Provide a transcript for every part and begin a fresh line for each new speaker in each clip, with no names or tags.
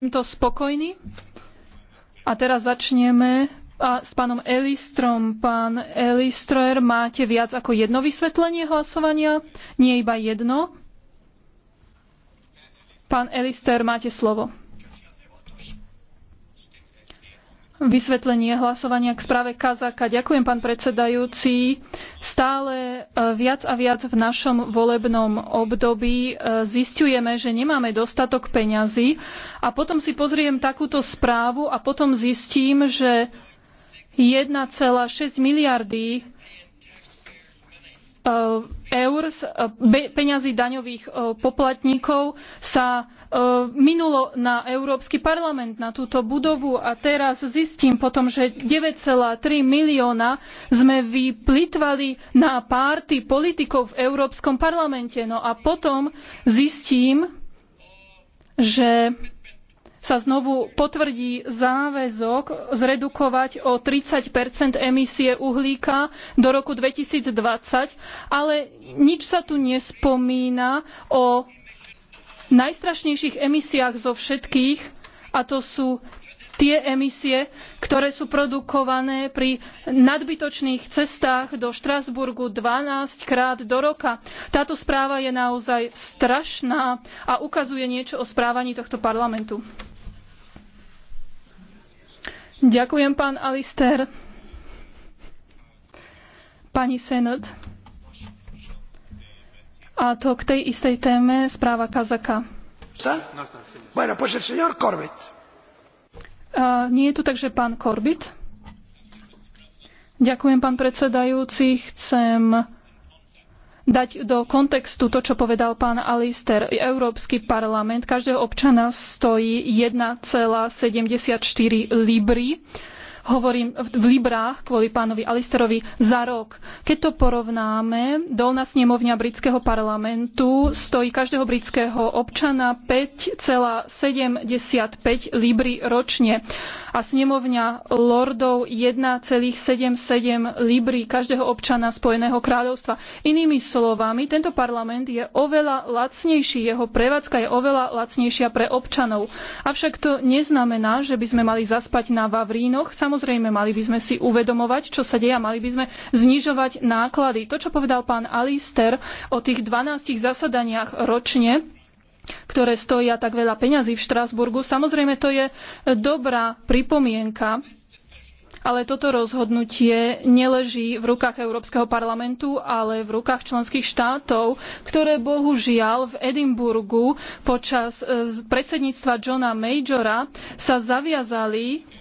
týmto spokojní. A teraz začneme a s pánom Elistrom. Pán Elistroer, máte viac ako jedno vysvetlenie hlasovania? Nie iba jedno? Pán Elister, máte slovo. vysvetlenie hlasovania k správe Kazaka. Ďakujem, pán predsedajúci. Stále e, viac a viac v našom volebnom období e, zistujeme, že nemáme dostatok peňazí a potom si pozriem takúto správu a potom zistím, že 1,6 miliardy e, eur z peňazí daňových poplatníkov sa minulo na Európsky parlament, na túto budovu a teraz zistím potom, že 9,3 milióna sme vyplitvali na párty politikov v Európskom parlamente. No a potom zistím, že sa znovu potvrdí záväzok zredukovať o 30 emisie uhlíka do roku 2020, ale nič sa tu nespomína o najstrašnejších emisiách zo všetkých, a to sú tie emisie, ktoré sú produkované pri nadbytočných cestách do Štrasburgu 12 krát do roka. Táto správa je naozaj strašná a ukazuje niečo o správaní tohto parlamentu. Ďakujem, pán Alister. Pani Senot. A to k tej istej téme správa Kazaka.
Bueno, pues el señor Corbett.
A nie je tu takže pán Corbett. Ďakujem, pán predsedajúci. Chcem dať do kontextu to, čo povedal pán Alister. Európsky parlament každého občana stojí 1,74 libry hovorím v Librách kvôli pánovi Alisterovi za rok. Keď to porovnáme, dolná snemovňa britského parlamentu stojí každého britského občana 5,75 libry ročne a snemovňa lordov 1,77 libry každého občana Spojeného kráľovstva. Inými slovami, tento parlament je oveľa lacnejší, jeho prevádzka je oveľa lacnejšia pre občanov. Avšak to neznamená, že by sme mali zaspať na Vavrínoch. Samozrejme, Samozrejme, mali by sme si uvedomovať, čo sa deje a mali by sme znižovať náklady. To, čo povedal pán Alister o tých 12 zasadaniach ročne, ktoré stoja tak veľa peňazí v Štrásburgu. Samozrejme, to je dobrá pripomienka, ale toto rozhodnutie neleží v rukách Európskeho parlamentu, ale v rukách členských štátov, ktoré bohužiaľ v Edinburgu počas eh, predsedníctva Johna Majora sa zaviazali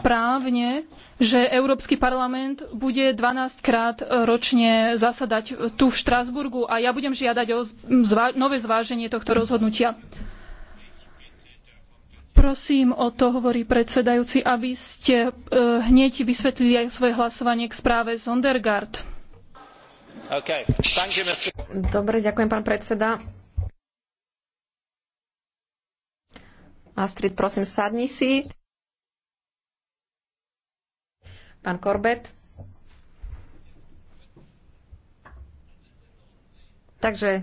právne, že Európsky parlament bude 12 krát e, ročne zasadať e, tu v Štrasburgu a ja budem žiadať o nové zváženie tohto rozhodnutia. Prosím o to, hovorí predsedajúci, aby ste e, hneď vysvetlili aj svoje hlasovanie k správe Sondergaard. Okay. You, Dobre, ďakujem, pán predseda. Astrid,
prosím, sadni si. Pán Korbet. Takže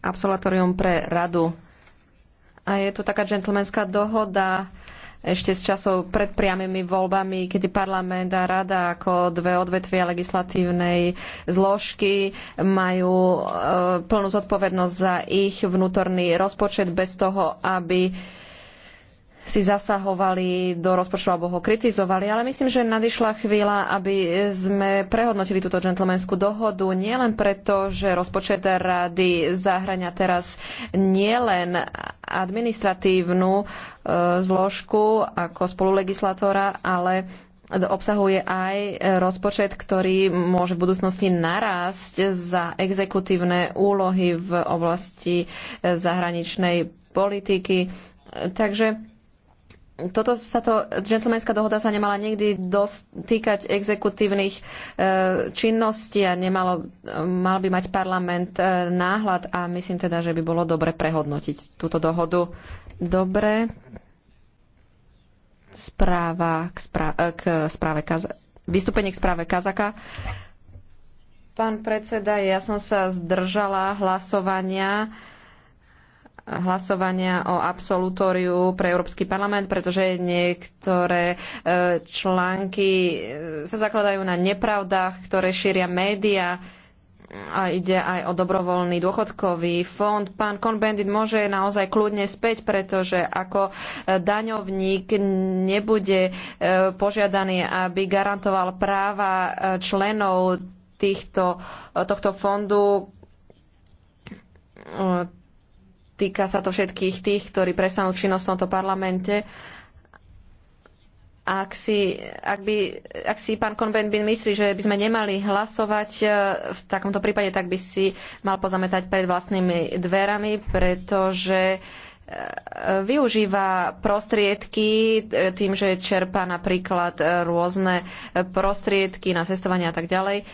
absolatórium pre radu. A je to taká džentlmenská dohoda ešte z časov pred priamými voľbami, kedy parlament a rada ako dve odvetvia legislatívnej zložky majú e, plnú zodpovednosť za ich vnútorný rozpočet bez toho, aby si zasahovali do rozpočtu alebo ho kritizovali, ale myslím, že nadišla chvíľa, aby sme prehodnotili túto džentlmenskú dohodu, nielen preto, že rozpočet rady zahrania teraz nielen administratívnu e, zložku ako spolulegislatora, ale obsahuje aj rozpočet, ktorý môže v budúcnosti narásť za exekutívne úlohy v oblasti zahraničnej politiky. Takže toto sa to, džentlmenská dohoda sa nemala nikdy dotýkať exekutívnych e, činností a nemalo, mal by mať parlament e, náhľad a myslím teda, že by bolo dobre prehodnotiť túto dohodu. Dobre. Správa k, správ, e, k správe Kaza- vystúpenie k správe Kazaka. Pán predseda, ja som sa zdržala hlasovania. E, hlasovania o absolutóriu pre Európsky parlament, pretože niektoré e, články e, sa zakladajú na nepravdách, ktoré šíria médiá a ide aj o dobrovoľný dôchodkový fond. Pán Konbendit môže naozaj kľudne späť, pretože ako e, daňovník nebude požiadaný, aby garantoval práva členov týchto, tohto fondu Týka sa to všetkých tých, ktorí presanú činnosť v tomto parlamente. Ak si, ak, by, ak si pán Konben by myslí, že by sme nemali hlasovať e, v takomto prípade, tak by si mal pozametať pred vlastnými dverami, pretože e, využíva prostriedky e, tým, že čerpa napríklad rôzne prostriedky na cestovanie a tak ďalej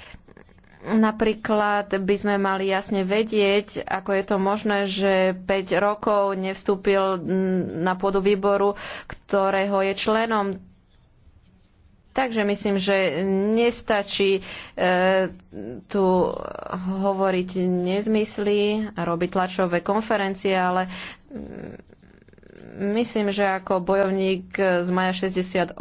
Napríklad by sme mali jasne vedieť, ako je to možné, že 5 rokov nevstúpil na pôdu výboru, ktorého je členom. Takže myslím, že nestačí e, tu hovoriť nezmysly a robiť tlačové konferencie, ale Myslím, že ako bojovník z maja 68,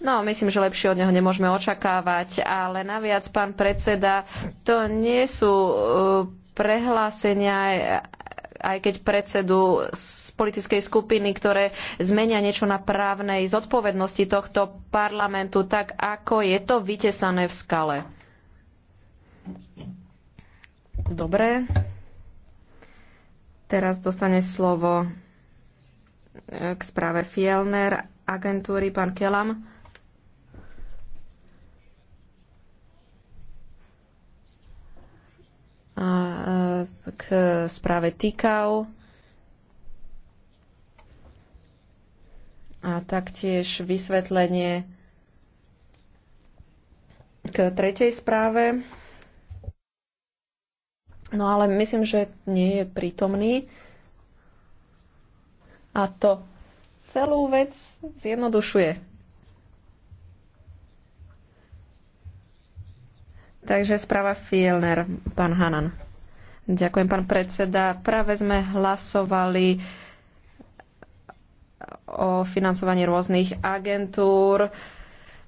no myslím, že lepšie od neho nemôžeme očakávať, ale naviac, pán predseda, to nie sú uh, prehlásenia aj keď predsedu z politickej skupiny, ktoré zmenia niečo na právnej zodpovednosti tohto parlamentu, tak ako je to vytesané v skale. Dobre. Teraz dostane slovo k správe Fielner agentúry. Pán Kelam. A e, k správe TIKAU. A taktiež vysvetlenie k tretej správe. No ale myslím, že nie je prítomný. A to celú vec zjednodušuje. Takže správa Fielner, pán Hanan. Ďakujem, pán predseda. Práve sme hlasovali o financovaní rôznych agentúr,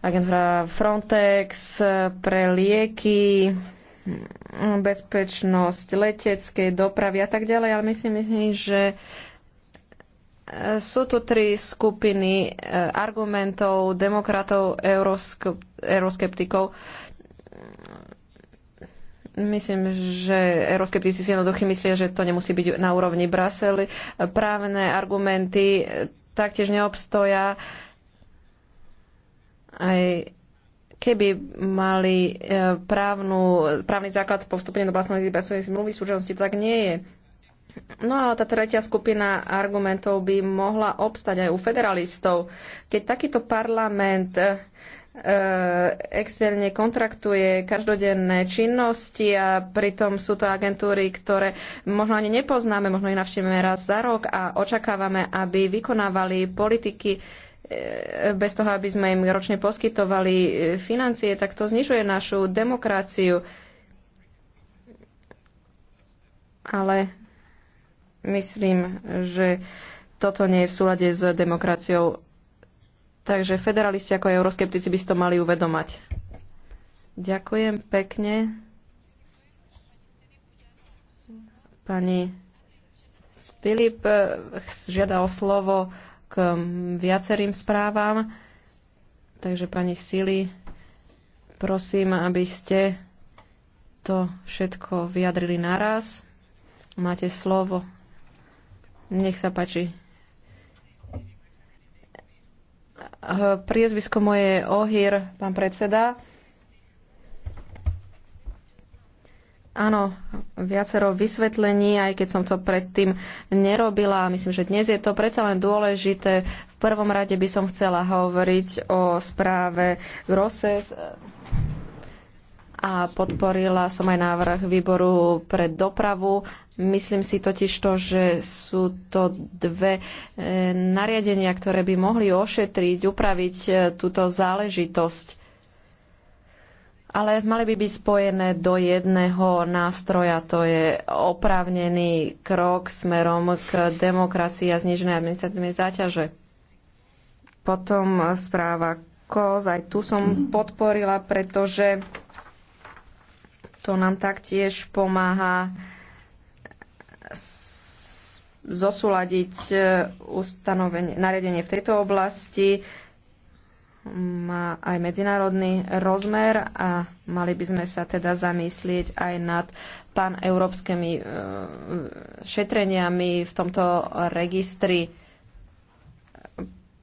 agentúra Frontex pre lieky, bezpečnosť leteckej dopravy a tak ďalej, ale myslím, myslím že sú tu tri skupiny e, argumentov demokratov, euroskeptikov. Myslím, že euroskeptici si jednoduchý myslia, že to nemusí byť na úrovni Brasely. Právne argumenty e, taktiež neobstoja. Aj keby mali e, právnu, právny základ po vstupení do vlastnej zmluvy, v súčasnosti tak nie je No a tá tretia skupina argumentov by mohla obstať aj u federalistov. Keď takýto parlament e, externe kontraktuje každodenné činnosti a pritom sú to agentúry, ktoré možno ani nepoznáme, možno ich navštívime raz za rok a očakávame, aby vykonávali politiky e, bez toho, aby sme im ročne poskytovali e, financie, tak to znižuje našu demokraciu. Ale Myslím, že toto nie je v súlade s demokraciou. Takže federalisti ako euroskeptici by si to mali uvedomať. Ďakujem pekne. Pani Filip eh, žiada o slovo k mm, viacerým správam. Takže pani Sili, prosím, aby ste to všetko vyjadrili naraz. Máte slovo. Nech sa páči. Priezvisko moje je Ohir, pán predseda. Áno, viacero vysvetlení, aj keď som to predtým nerobila. Myslím, že dnes je to predsa len dôležité. V prvom rade by som chcela hovoriť o správe Grosses a podporila som aj návrh výboru pre dopravu. Myslím si totiž to, že sú to dve e, nariadenia, ktoré by mohli ošetriť, upraviť e, túto záležitosť ale mali by byť spojené do jedného nástroja, to je oprávnený krok smerom k demokracii a zniženej administratívnej záťaže. Potom správa KOZ, aj tu som podporila, pretože to nám taktiež pomáha zosúľadiť e, ustanovenie, nariadenie v tejto oblasti. Má aj medzinárodný rozmer a mali by sme sa teda zamyslieť aj nad paneurópskymi e, šetreniami v tomto registri.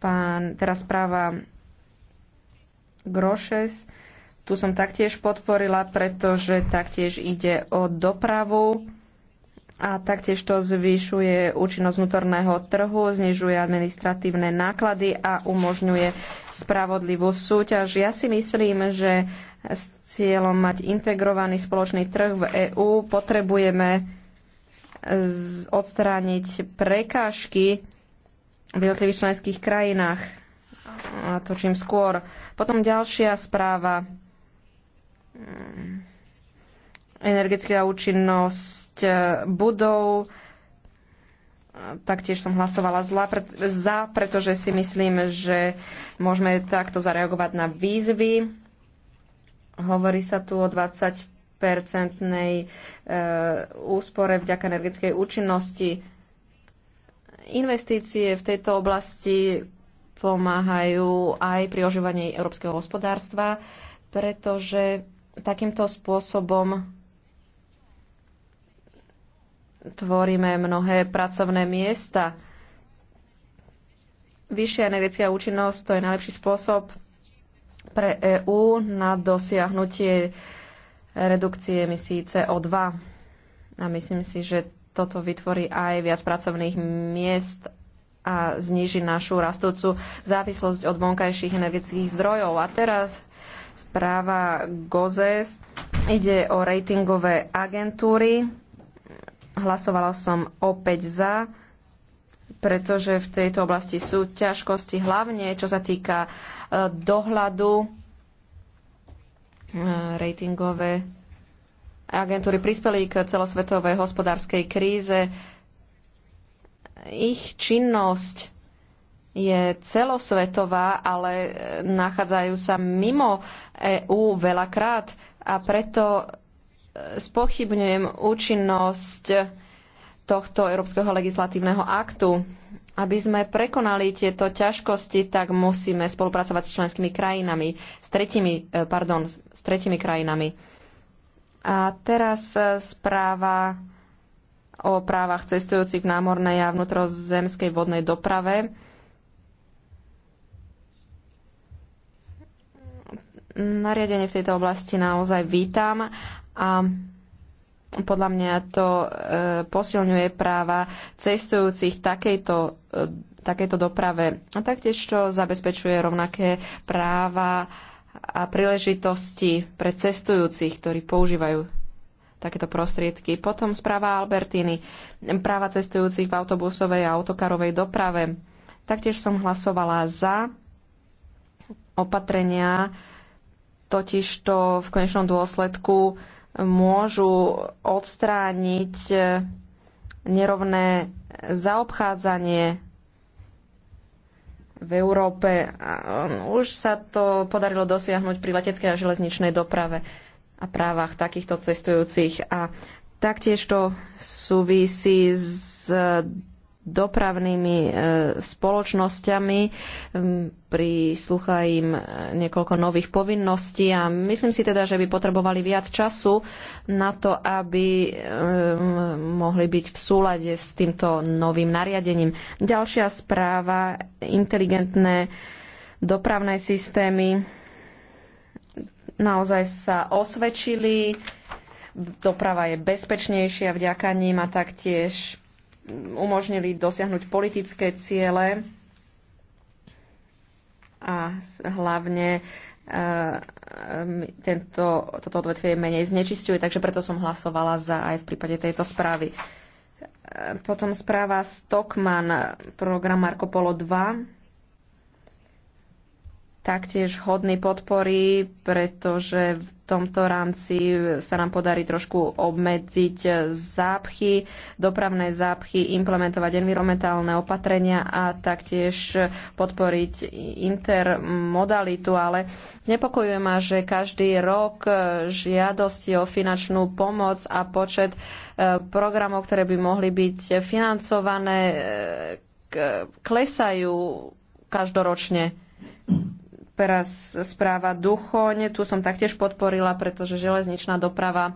Pán, teraz správa Grošes tu som taktiež podporila, pretože taktiež ide o dopravu a taktiež to zvyšuje účinnosť vnútorného trhu, znižuje administratívne náklady a umožňuje spravodlivú súťaž. Ja si myslím, že s cieľom mať integrovaný spoločný trh v EÚ potrebujeme odstrániť prekážky v jednotlivých členských krajinách a to čím skôr. Potom ďalšia správa Mm. energetická účinnosť e, budov. Taktiež som hlasovala zla, pre, za, pretože si myslím, že môžeme takto zareagovať na výzvy. Hovorí sa tu o 20-percentnej e, úspore vďaka energetickej účinnosti. Investície v tejto oblasti pomáhajú aj pri ožívaní európskeho hospodárstva, pretože takýmto spôsobom tvoríme mnohé pracovné miesta. Vyššia energetická účinnosť to je najlepší spôsob pre EÚ na dosiahnutie redukcie emisí CO2. A myslím si, že toto vytvorí aj viac pracovných miest a zniží našu rastúcu závislosť od vonkajších energetických zdrojov. A teraz Správa GOZES ide o ratingové agentúry. Hlasovala som opäť za, pretože v tejto oblasti sú ťažkosti, hlavne čo sa týka e, dohľadu e, ratingové agentúry prispeli k celosvetovej hospodárskej kríze. Ich činnosť je celosvetová, ale e, nachádzajú sa mimo EÚ veľakrát a preto e, spochybňujem účinnosť tohto európskeho legislatívneho aktu. Aby sme prekonali tieto ťažkosti, tak musíme spolupracovať s členskými krajinami, s tretimi, e, pardon, s tretimi krajinami. A teraz správa o právach cestujúcich v námornej a vnútrozemskej vodnej doprave. nariadenie v tejto oblasti naozaj vítam a podľa mňa to e, posilňuje práva cestujúcich takejto, e, takejto doprave a taktiež to zabezpečuje rovnaké práva a príležitosti pre cestujúcich, ktorí používajú takéto prostriedky. Potom správa Albertiny, práva cestujúcich v autobusovej a autokarovej doprave. Taktiež som hlasovala za opatrenia, totižto v konečnom dôsledku môžu odstrániť e, nerovné zaobchádzanie v Európe. Um, už sa to podarilo dosiahnuť pri leteckej a železničnej doprave a právach takýchto cestujúcich. A taktiež to súvisí s dopravnými e, spoločnosťami. Prislúcha im niekoľko nových povinností a myslím si teda, že by potrebovali viac času na to, aby mohli byť v súlade s týmto novým nariadením. Ďalšia správa, inteligentné dopravné systémy naozaj sa osvedčili. Doprava je bezpečnejšia vďaka ním a taktiež umožnili dosiahnuť politické ciele a hlavne e, tento, toto odvetvie menej znečisťuje, takže preto som hlasovala za aj v prípade tejto správy. E, potom správa Stockman, program Marco Polo 2 taktiež hodný podpory, pretože v tomto rámci sa nám podarí trošku obmedziť zápchy, dopravné zápchy, implementovať environmentálne opatrenia a taktiež podporiť intermodalitu, ale nepokojuje ma, že každý rok žiadosti o finančnú pomoc a počet e, programov, ktoré by mohli byť financované, e, klesajú každoročne teraz správa Duchoň. Tu som taktiež podporila, pretože železničná doprava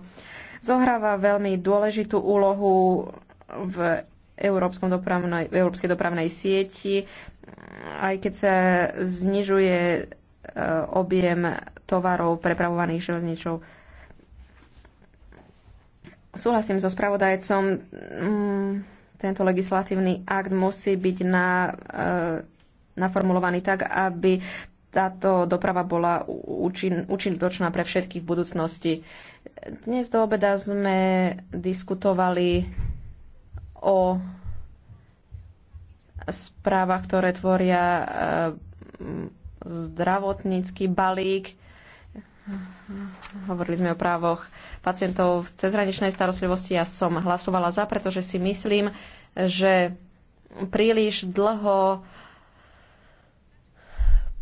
zohráva veľmi dôležitú úlohu v európskom dopravnej, európskej dopravnej sieti, aj keď sa znižuje e, objem tovarov prepravovaných železničou. Súhlasím so spravodajcom, mm, tento legislatívny akt musí byť na e, naformulovaný tak, aby táto doprava bola účin, pre všetkých v budúcnosti. Dnes do obeda sme diskutovali o správach, ktoré tvoria eh, zdravotnícky balík. Hovorili sme o právoch pacientov v cezhraničnej starostlivosti. Ja som hlasovala za, pretože si myslím, že príliš dlho uh,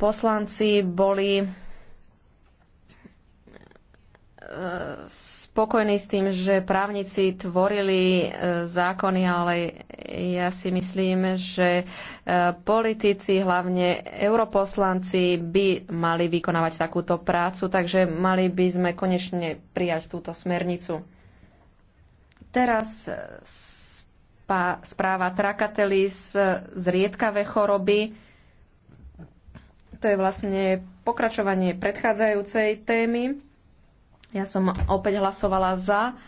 poslanci boli e, spokojní s tým, že právnici tvorili e, zákony, ale ja si myslím, že e, politici, hlavne europoslanci, by mali vykonávať takúto prácu, takže mali by sme konečne prijať túto smernicu. Teraz správa Trakatelis zriedkavé choroby to je vlastne pokračovanie predchádzajúcej témy. Ja som opäť hlasovala za,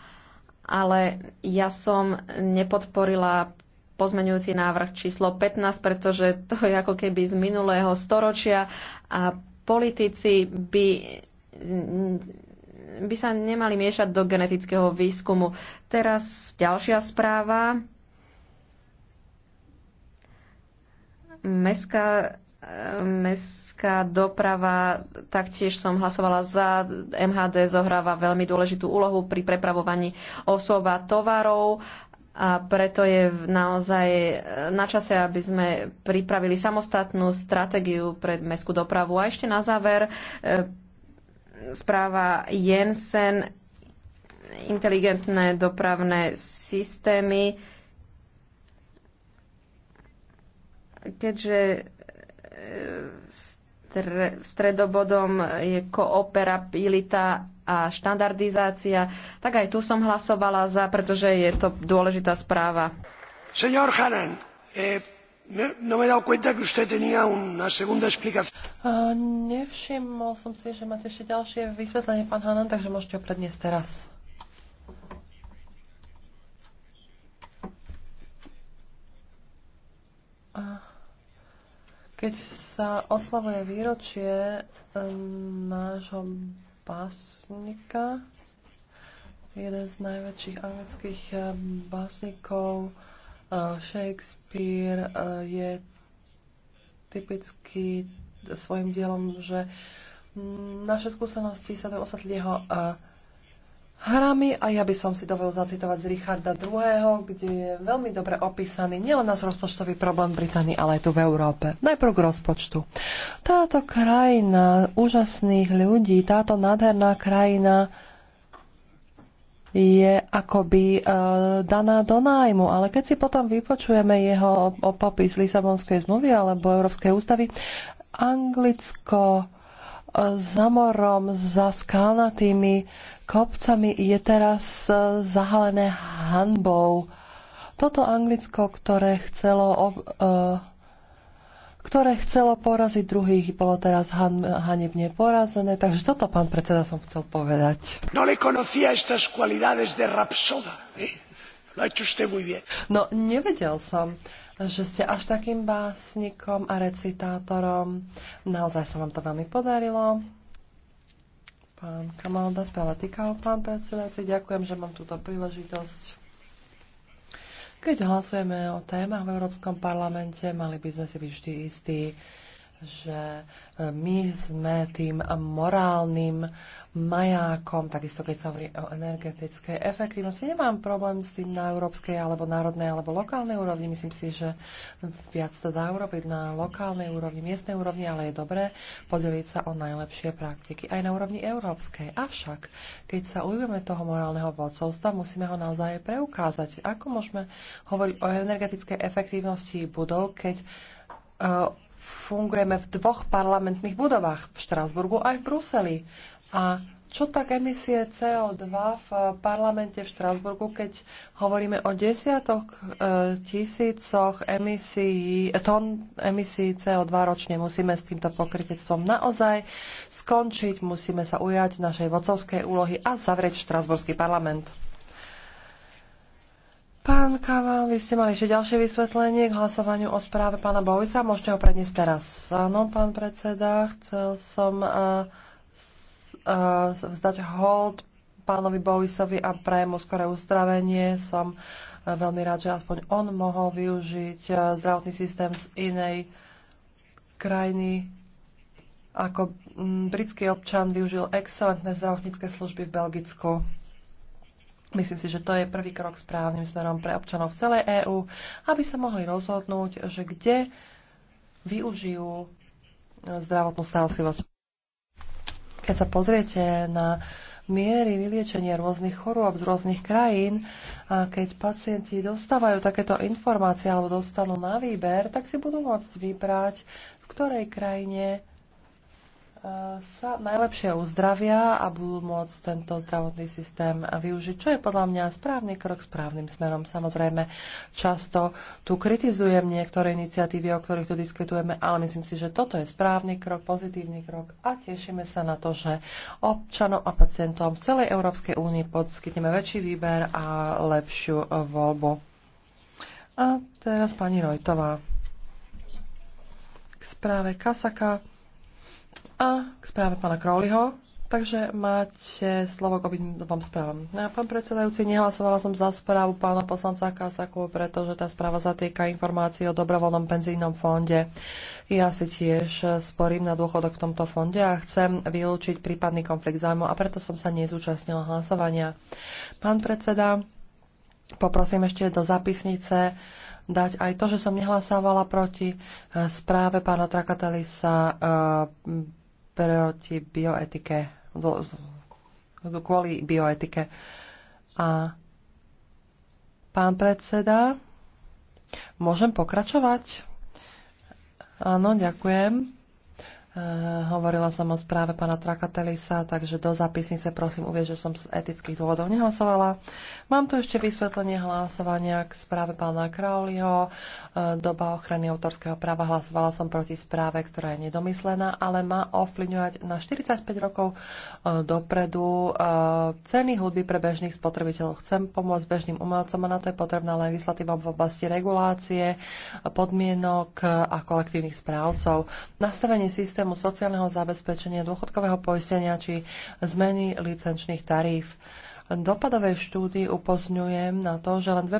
ale ja som nepodporila pozmeňujúci návrh číslo 15, pretože to je ako keby z minulého storočia a politici by by sa nemali miešať do genetického výskumu. Teraz ďalšia správa. Mestská mestská doprava, taktiež som hlasovala za. MHD zohráva veľmi dôležitú úlohu pri prepravovaní osôb a tovarov a preto je naozaj e, na čase, aby sme pripravili samostatnú stratégiu pre mestskú dopravu. A ešte na záver e, správa Jensen inteligentné dopravné systémy. Keďže stredobodom je kooperabilita a štandardizácia. Tak aj tu som hlasovala za, pretože je to dôležitá správa.
Señor Hanan, eh, no me cuenta que usted tenía una segunda explicación. Eh, nevšimol som si, že máte ešte ďalšie vysvetlenie, pán Hanan, takže môžete ho predniesť teraz. Uh. Keď sa oslavuje výročie e, nášho básnika, jeden z najväčších anglických e, básnikov, e, Shakespeare je typický svojim dielom, že naše skúsenosti sa tam osvetli jeho hrami a ja by som si dovolil zacitovať z Richarda II., kde je veľmi dobre opísaný nielen nás rozpočtový problém v Británii, ale aj tu v Európe. Najprv k rozpočtu. Táto krajina úžasných ľudí, táto nádherná krajina je akoby e, daná do nájmu, ale keď si potom vypočujeme jeho popis Lisabonskej zmluvy alebo Európskej ústavy, Anglicko za morom, za skalnatými kopcami je teraz e, zahalené hanbou. Toto Anglicko, ktoré chcelo, ob, uh, ktoré chcelo poraziť druhých, bolo teraz han, hanebne porazené. Takže toto, pán predseda, som chcel povedať. No le conocía estas cualidades de rapsoda. Eh? Lo ha hecho usted muy bien. No, nevedel som. Uh, že ste až takým básnikom a recitátorom. Naozaj sa vám to veľmi podarilo. Pán Kamalda, správa týkal pán predsedajúci. Ďakujem, že mám túto príležitosť. Keď hlasujeme o témach v Európskom parlamente, mali by sme si byť vždy istí, že e, my sme tým morálnym majákom, takisto keď sa hovorí o energetickej efektivnosti. Nemám problém s tým na európskej, alebo národnej, alebo lokálnej úrovni. Myslím si, že viac sa dá urobiť na lokálnej úrovni, miestnej úrovni, ale je dobré podeliť sa o najlepšie praktiky aj na úrovni európskej. Avšak, keď sa ujmeme toho morálneho vodcovstva, musíme ho naozaj preukázať. Ako môžeme hovoriť o energetickej efektívnosti budov, keď e, fungujeme v dvoch parlamentných budovách, v Štrásburgu aj v Bruseli. A čo tak emisie CO2 v parlamente v Štrásburgu, keď hovoríme o desiatok e, tisícoch emisí, tón emisí CO2 ročne? Musíme s týmto pokrytectvom naozaj skončiť, musíme sa ujať našej vocovskej úlohy a zavrieť Štrásburský parlament. Pán Kamal, vy ste mali ešte ďalšie vysvetlenie k hlasovaniu o správe pána Bovisa. Môžete ho predniesť teraz. Áno, pán predseda, chcel som uh, uh, vzdať hold pánovi Bovisovi a prejmu skoré uzdravenie. Som uh, veľmi rád, že aspoň on mohol využiť uh, zdravotný systém z inej krajiny. Ako mm, britský občan využil excelentné zdravotnícke služby v Belgicku. Myslím si, že to je prvý krok správnym smerom pre občanov v celej EÚ, aby sa mohli rozhodnúť, že kde využijú e, zdravotnú starostlivosť. Keď sa pozriete na miery vyliečenia rôznych chorôb z rôznych krajín a keď pacienti dostávajú takéto informácie alebo dostanú na výber, tak si budú môcť vybrať, v ktorej krajine sa najlepšie uzdravia a budú môcť tento zdravotný systém využiť, čo je podľa mňa správny krok správnym smerom. Samozrejme, často tu kritizujem niektoré iniciatívy, o ktorých tu diskutujeme, ale myslím si, že toto je správny krok, pozitívny krok a tešíme sa na to, že občanom a pacientom v celej Európskej únii podskytneme väčší výber a lepšiu voľbu. A teraz pani Rojtová k správe Kasaka a k správe pána Crowleyho. Takže máte slovo k obidvom správam. No, pán predsedajúci, nehlasovala som za správu pána poslanca Kasaku, pretože tá správa zatýka informácií o dobrovoľnom penzijnom fonde. Ja si tiež sporím na dôchodok v tomto fonde a chcem vylúčiť prípadný konflikt zájmu a preto som sa nezúčastnila hlasovania. Pán predseda, poprosím ešte do zapisnice dať aj to, že som nehlasovala proti správe pána Trakatalisa proti bioetike, kvôli bioetike. A pán predseda, môžem pokračovať? Áno, ďakujem. Eh, hovorila som o správe pána Trakatelisa, takže do zapisnice prosím uvieť, že som z etických dôvodov nehlasovala. Mám tu ešte vysvetlenie hlasovania k správe pána Crowleyho. Eh, doba ochrany autorského práva hlasovala som proti správe, ktorá je nedomyslená, ale má ovplyvňovať na 45 rokov eh, dopredu ceny hudby pre bežných spotrebiteľov. Chcem pomôcť bežným umelcom a na to je potrebná legislatíva v oblasti regulácie, podmienok a kolektívnych správcov. Nastavenie systému systému sociálneho zabezpečenia, dôchodkového poistenia či zmeny licenčných taríf dopadovej štúdii upozňujem na to, že len 2%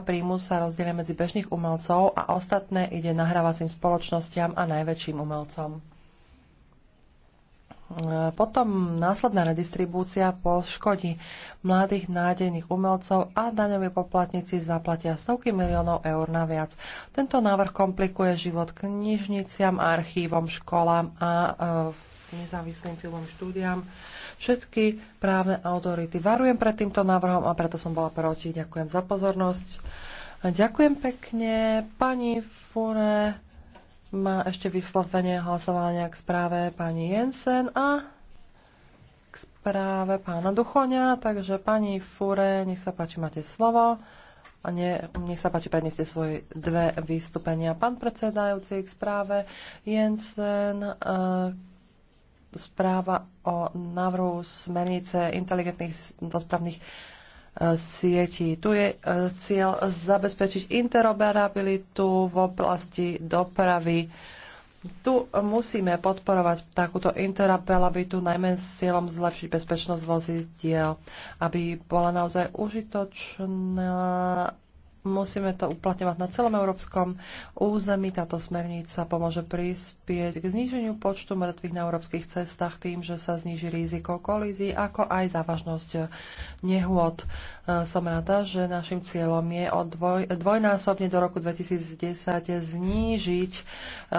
príjmu sa rozdielia medzi bežných umelcov a ostatné ide nahrávacím spoločnosťam a najväčším umelcom. E, potom následná redistribúcia poškodí mladých nádejných umelcov a daňoví poplatníci zaplatia stovky miliónov eur naviac. Tento návrh komplikuje život knižniciam, archívom, školám a e, nezávislým filmom štúdiám. Všetky právne autority. Varujem pred týmto návrhom a preto som bola proti. Ďakujem za pozornosť. Ďakujem pekne pani Fure má ešte vyslovenie hlasovania k správe pani Jensen a k správe pána Duchoňa, takže pani Fure, nech sa páči, máte slovo. A ne, nech sa páči, predneste svoje dve vystúpenia. Pán predsedajúci k správe Jensen, e, správa o návrhu smernice inteligentných dospravných sietí. Tu je e, cieľ zabezpečiť interoperabilitu v oblasti dopravy. Tu musíme podporovať takúto interoperabilitu najmä s cieľom zlepšiť bezpečnosť vozidiel, aby bola naozaj užitočná musíme to uplatňovať na celom európskom území. Táto smernica pomôže prispieť k zníženiu počtu mŕtvych na európskych cestách tým, že sa zníži riziko kolízií, ako aj závažnosť nehôd. E, som rada, že našim cieľom je o dvoj, dvojnásobne do roku 2010 znížiť e,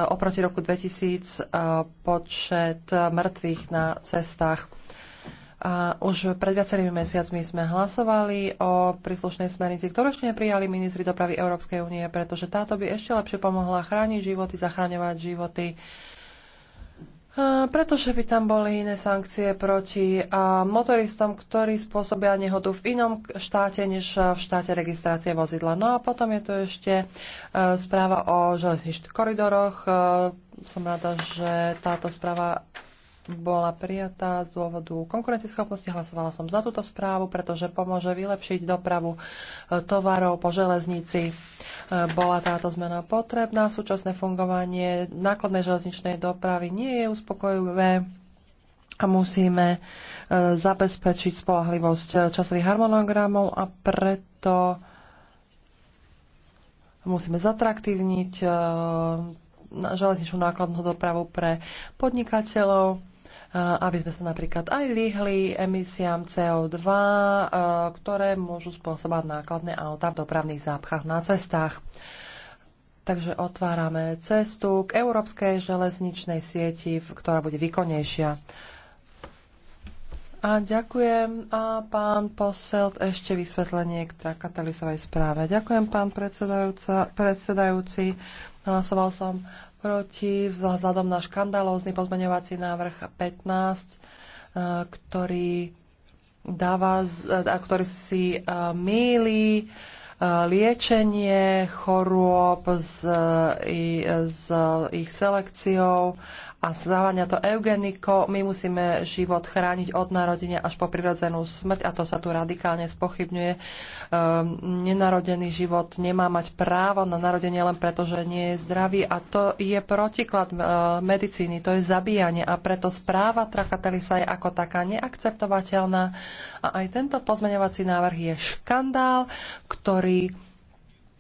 oproti roku 2000 e, počet mŕtvych na cestách. A už pred viacerými mesiacmi sme hlasovali o príslušnej smernici, ktorú ešte neprijali ministri dopravy Európskej únie, pretože táto by ešte lepšie pomohla chrániť životy, zachraňovať životy pretože by tam boli iné sankcie proti motoristom, ktorí spôsobia nehodu v inom štáte než v štáte registrácie vozidla. No a potom je tu ešte e, správa o železničných koridoroch. E, som rada, že táto správa bola prijatá z dôvodu konkurencieschopnosti. Hlasovala som za túto správu, pretože pomôže vylepšiť dopravu e, tovarov po železnici. E, bola táto zmena potrebná. Súčasné fungovanie nákladnej železničnej dopravy nie je uspokojivé a musíme e, zabezpečiť spolahlivosť časových harmonogramov a preto musíme zatraktívniť železničnú nákladnú dopravu pre podnikateľov Eh, aby sme sa napríklad aj vyhli emisiám CO2, eh, ktoré môžu spôsobať nákladné auta v dopravných zápchách na cestách. Takže otvárame cestu k európskej železničnej sieti, ktorá bude výkonnejšia. A ďakujem. A pán Poselt, ešte vysvetlenie k trakatelisovej správe. Ďakujem, pán predsedajúci. Hlasoval som proti vzhľadom na škandalózny pozmeňovací návrh 15, e, ktorý dáva, e, ktorý si e, míli liečenie chorôb s, s ich selekciou a zaváňa to eugeniko. My musíme život chrániť od narodenia až po prirodzenú smrť a to sa tu radikálne spochybňuje. Um, nenarodený život nemá mať právo na narodenie len preto, že nie je zdravý a to je protiklad uh, medicíny, to je zabíjanie a preto správa Trakatelisa je ako taká neakceptovateľná a aj tento pozmeňovací návrh je škandál, ktorý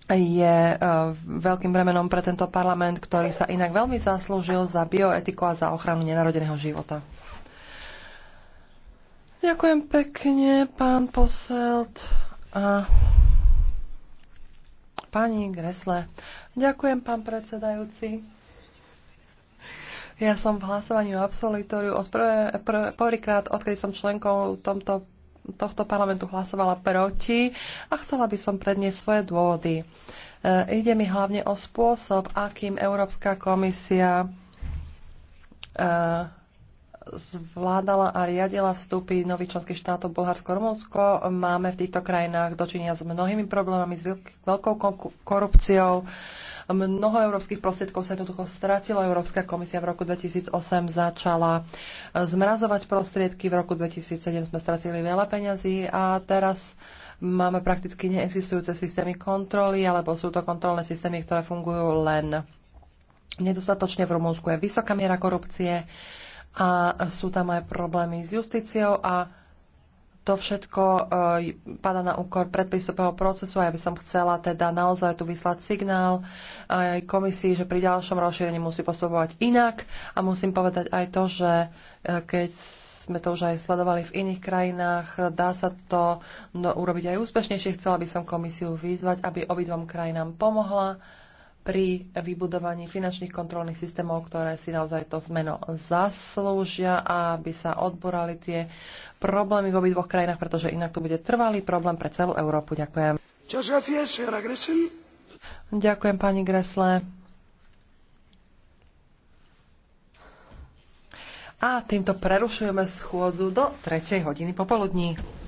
je e, veľkým bremenom pre tento parlament, ktorý sa inak veľmi zaslúžil za bioetiku a za ochranu nenarodeného života. Ďakujem pekne, pán Poselt a pani Gresle. Ďakujem, pán predsedajúci. Ja som v hlasovaní o absolitóriu od prvé, prvé, prvýkrát, odkedy som členkou tomto tohto parlamentu hlasovala proti a chcela by som predniesť svoje dôvody. E, ide mi hlavne o spôsob, akým Európska komisia e, zvládala a riadila vstupy nových členských štátov Bulharsko, Rumunsko. Máme v týchto krajinách dočinia s mnohými problémami, s veľkou korupciou. Mnoho európskych prostriedkov sa jednoducho stratilo. Európska komisia v roku 2008 začala eh, zmrazovať prostriedky. V roku 2007 sme stratili veľa peňazí a teraz máme prakticky neexistujúce systémy kontroly, alebo sú to kontrolné systémy, ktoré fungujú len nedostatočne. V Rumunsku je vysoká miera korupcie a sú tam aj problémy s justíciou a to všetko uh, eh, pada na úkor predpisového procesu a ja by som chcela teda naozaj tu vyslať signál aj komisii, že pri ďalšom rozšírení musí postupovať inak a musím povedať aj to, že uh, keď sme to už aj sledovali v iných krajinách, dá sa to no, urobiť aj úspešnejšie. Chcela by som komisiu vyzvať, aby obidvom krajinám pomohla pri vybudovaní finančných kontrolných systémov, ktoré si naozaj to zmeno zaslúžia a aby sa odborali tie problémy v obidvoch krajinách, pretože inak to bude trvalý problém pre celú Európu. Ďakujem. Ďakujem pani Gresle. A týmto prerušujeme schôdzu do 3. hodiny popoludní.